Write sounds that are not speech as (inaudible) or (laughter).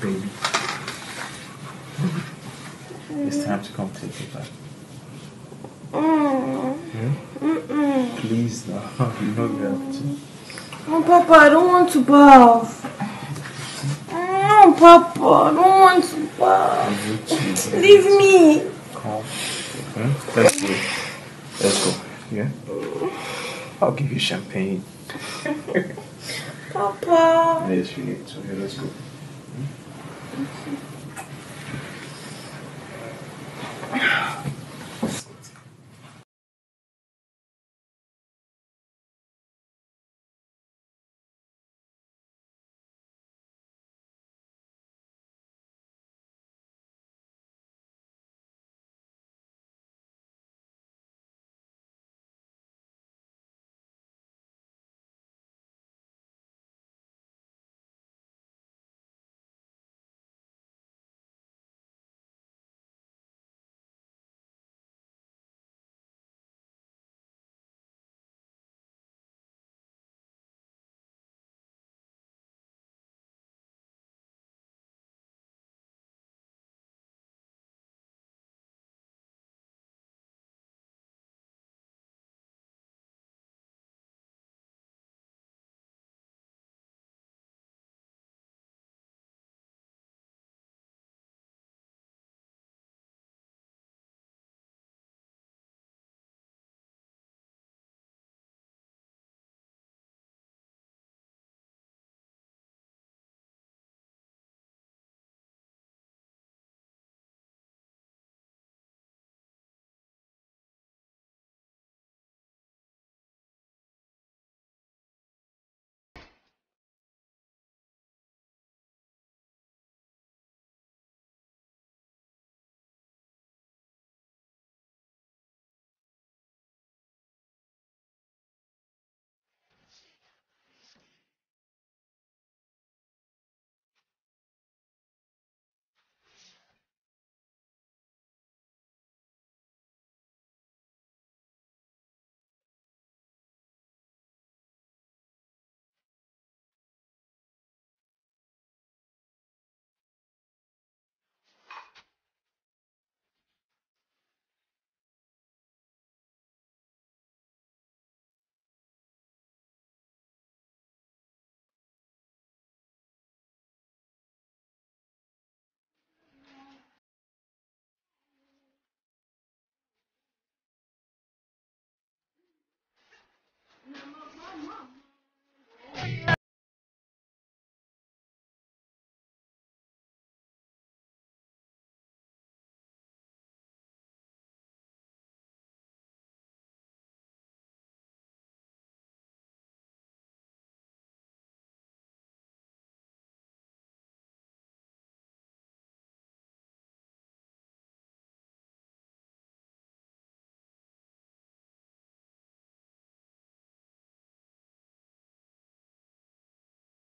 baby. It's time to come take it back. Mm. Yeah? Please, now. (laughs) you know you have to. No, oh, Papa, I don't want to bath. No, oh, Papa, I don't want to bath. Leave me. Come. Okay. Hmm? Let's go. Let's go. Yeah? I'll give you champagne. (laughs) Papa. Yes, you need to. Yeah, let's go. Thank mm-hmm. you. mom.